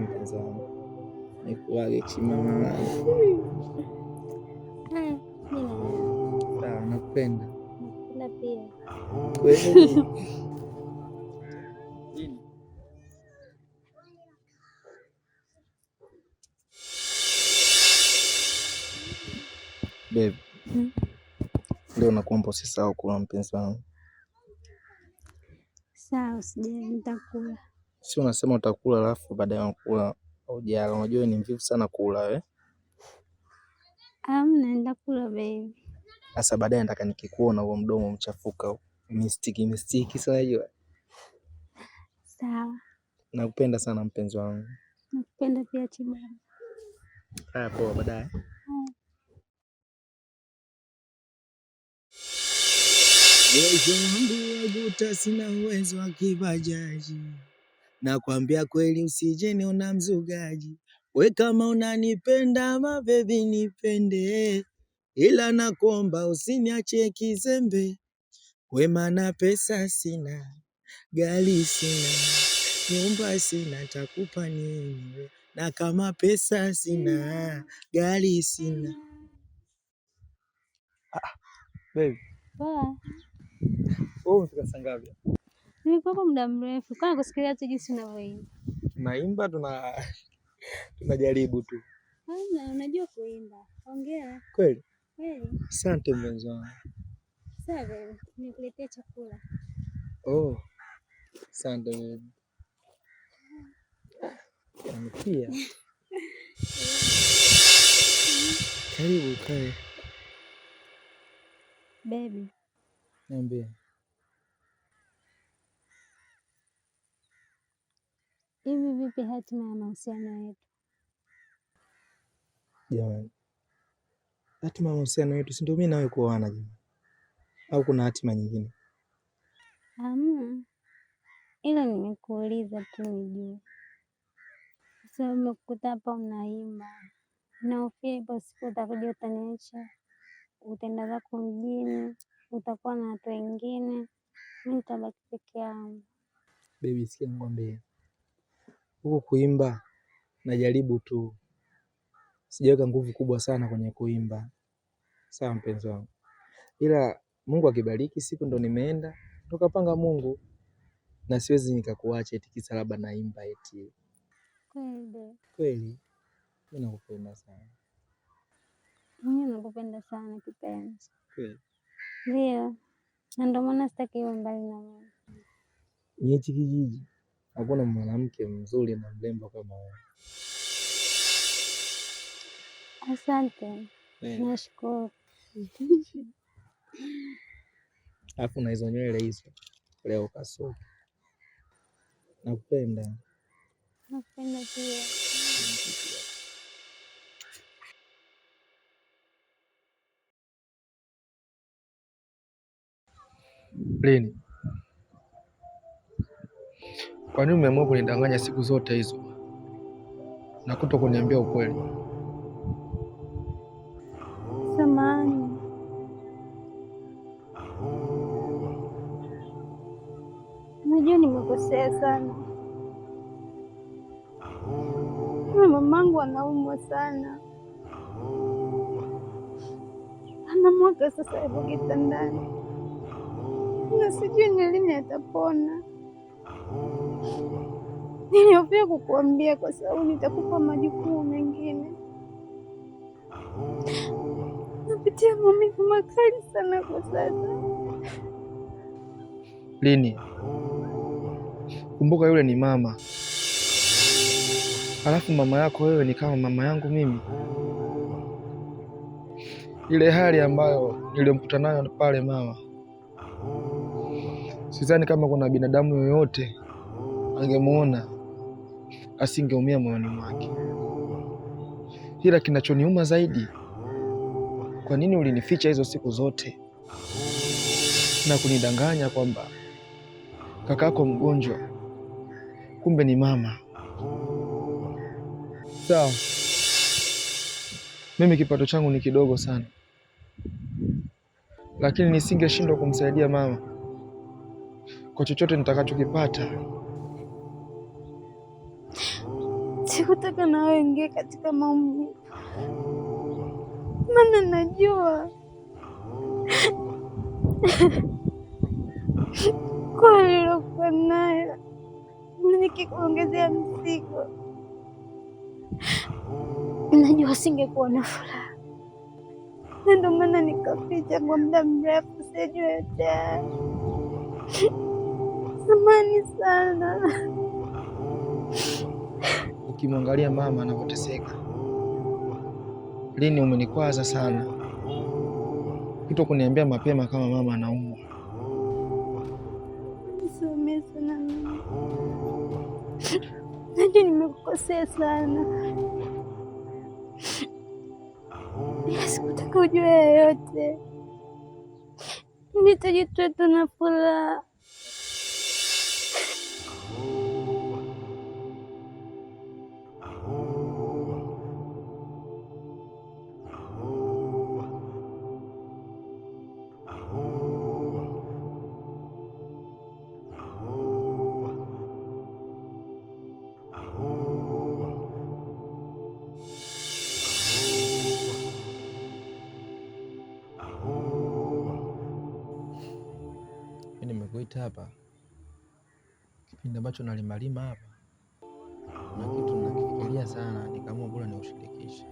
mama mpenzi wangu, nikuage chimama yangu, nakupenda kweli. Babe, hmm? Leo nakuomba usisahau kula mpenzi wangu. Sawa, usijali, nitakula. Si unasema utakula alafu baadaye unakula ujala. Unajua ni mvivu sana kula wewe. Eh? Amna, naenda kula baby. Sasa baadaye nataka nikikuona huo mdomo mchafuka mistiki mistiki, si unajua? Sawa. Nakupenda sana mpenzi wangu. Nakupenda pia Chibaba. Haya, poa, baadaye. Uwezo wangu waguta, sina uwezo wa kibajaji Nakwambia kweli usije niona mzugaji, we kama unanipenda mabebi nipende, ila nakuomba usiniache kizembe, we maana pesa sina, gari sina, nyumba sina, takupa nini? na kama pesa sina, gari sina. Ah, baby. Nilikuwa muda mrefu kana kusikilia tu jinsi unavyoimba. Naimba tuna tunajaribu tu. Hana, unajua kuimba. Ongea. Kweli? Kweli. Asante mpenzi wangu. Sawa baby, chakula. Oh. Asante baby. Karibu kae. Baby. Niambie. Hivi vipi hatima ya mahusiano yetu? Jamani, hatima ya mahusiano yetu si ndio mimi nawe kuoana jamani? Au kuna hatima nyingine? Hamna, ila nimekuuliza tu nijue, kwa sababu nimekukuta hapa unaimba, naofia ipo siku utakuja utaniacha, utaenda zako mjini, utakuwa na watu wengine, mimi nitabaki peke yangu. Bebi, sikia nikwambie Huku kuimba najaribu tu, sijaweka nguvu kubwa sana kwenye kuimba, sawa mpenzi wangu, ila Mungu akibariki, siku ndo nimeenda tukapanga Mungu, na siwezi nikakuacha eti kisa labda naimba eti. Kweli mimi nakupenda sana. Mimi nakupenda sana kipenzi. Ndio, na ndio maana sitaki uwe mbali na mimi. Ni hichi kijiji Hakuna mwanamke mzuri na mrembo kama wewe. Asante, eh. nashukuru. Alafu na hizo nywele hizo leo kasuka. Nakupenda. Nakupenda pia. Lini? Kwa nini umeamua kunidanganya siku zote hizo na kuto kuniambia ukweli? Samani, najua nimekosea sana. Huyu mamangu anaumwa sana, mwaka sasa, yuko kitandani na sijui ni lini atapona. Niliofia kukuambia kwa sababu nitakupa majukumu mengine. Napitia maumivu makali sana kwa sasa. Lini, kumbuka yule ni mama, alafu mama yako wewe ni kama mama yangu mimi. Ile hali ambayo nilimkuta nayo pale mama Sidhani kama kuna binadamu yoyote angemwona asingeumia moyoni mwake, ila kinachoniuma zaidi, kwa nini ulinificha hizo siku zote na kunidanganya kwamba kakako mgonjwa, kumbe ni mama. Sawa, mimi kipato changu ni kidogo sana, lakini nisingeshindwa kumsaidia mama kwa chochote nitakachokipata. Sikutaka nawe ingie katika maumivu, maana najua kwa lilokuwa nayo nikikuongezea mzigo, najua singekuwa na furaha, na ndio maana nikaficha kwa muda mrefu, sijui tena Samani sana. Ukimwangalia mama anavyoteseka, Lini, umenikwaza sana kuto kuniambia mapema kama mama anaumwa. Nisamehe sana najua nimekukosea sana, ila sikutaka ujue yoyote, nitajitweta na furaha Nimekuita hapa kipindi ambacho nalimalima hapa na kitu nakifikiria sana, nikaamua bora niushirikishe.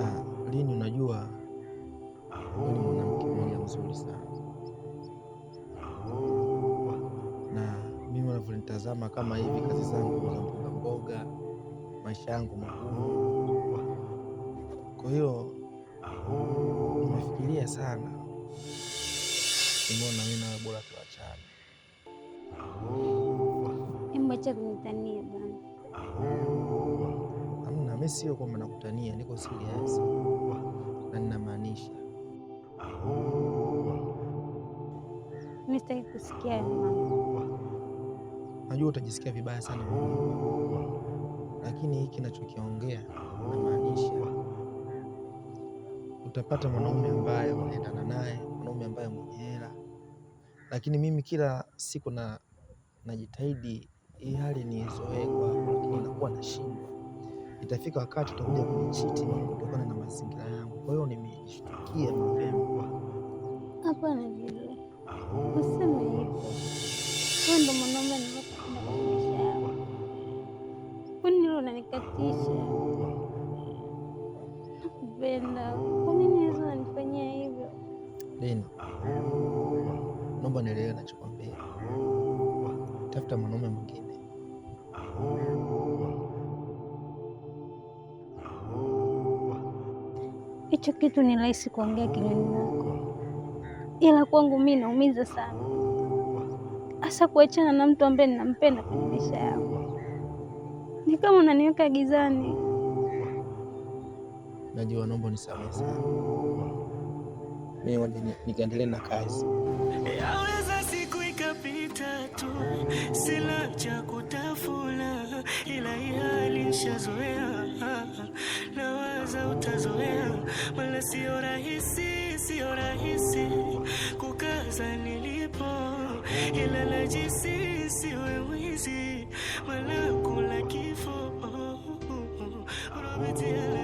Ah, lini, unajua ni mwanamke mmoja mzuri sana, na mimi unavyonitazama kama hivi, kazi zangu za mboga mboga, maisha yangu magumu, kwa hiyo nimefikiria sana Mbona mimi nawe bora tuachane. Mwacha kunitania bwana. Amna, mimi sio kwamba nakutania, niko serious na ninamaanisha. Mimi sitaki kusikia mama. Najua utajisikia vibaya sana lakini hiki nachokiongea namaanisha, utapata mwanaume ambaye unaendana naye lakini mimi kila siku na najitahidi hii hali niizoee kwangu, lakini inakuwa nashindwa. Itafika wakati utakuja kunichiti kutokana na mazingira yangu. Kwa hiyo nimejishtukia mapema. Hapana vile. Useme hivyo. Wewe ndo mwanaume ninayekupenda kwa maisha Kwa nini unanikatisha? Nakupenda. Kwa nini unanifanyia hivyo? Lina. anatafuta mwanaume mwingine. Hicho kitu ni rahisi kuongea kinywani mwako, ila kwangu mimi naumiza sana, hasa kuachana na mtu ambaye ninampenda kwenye maisha yangu. Ni kama unaniweka gizani. Najua, naomba nisamehe sana. Mimi nikaendelee na kazi sina cha kutafuna, ila ihali nishazoea, nawaza utazoea, mala sio rahisi, sio rahisi kukaza nilipo, ila najisi siwe mwizi, mala kula kifo oh, oh, oh,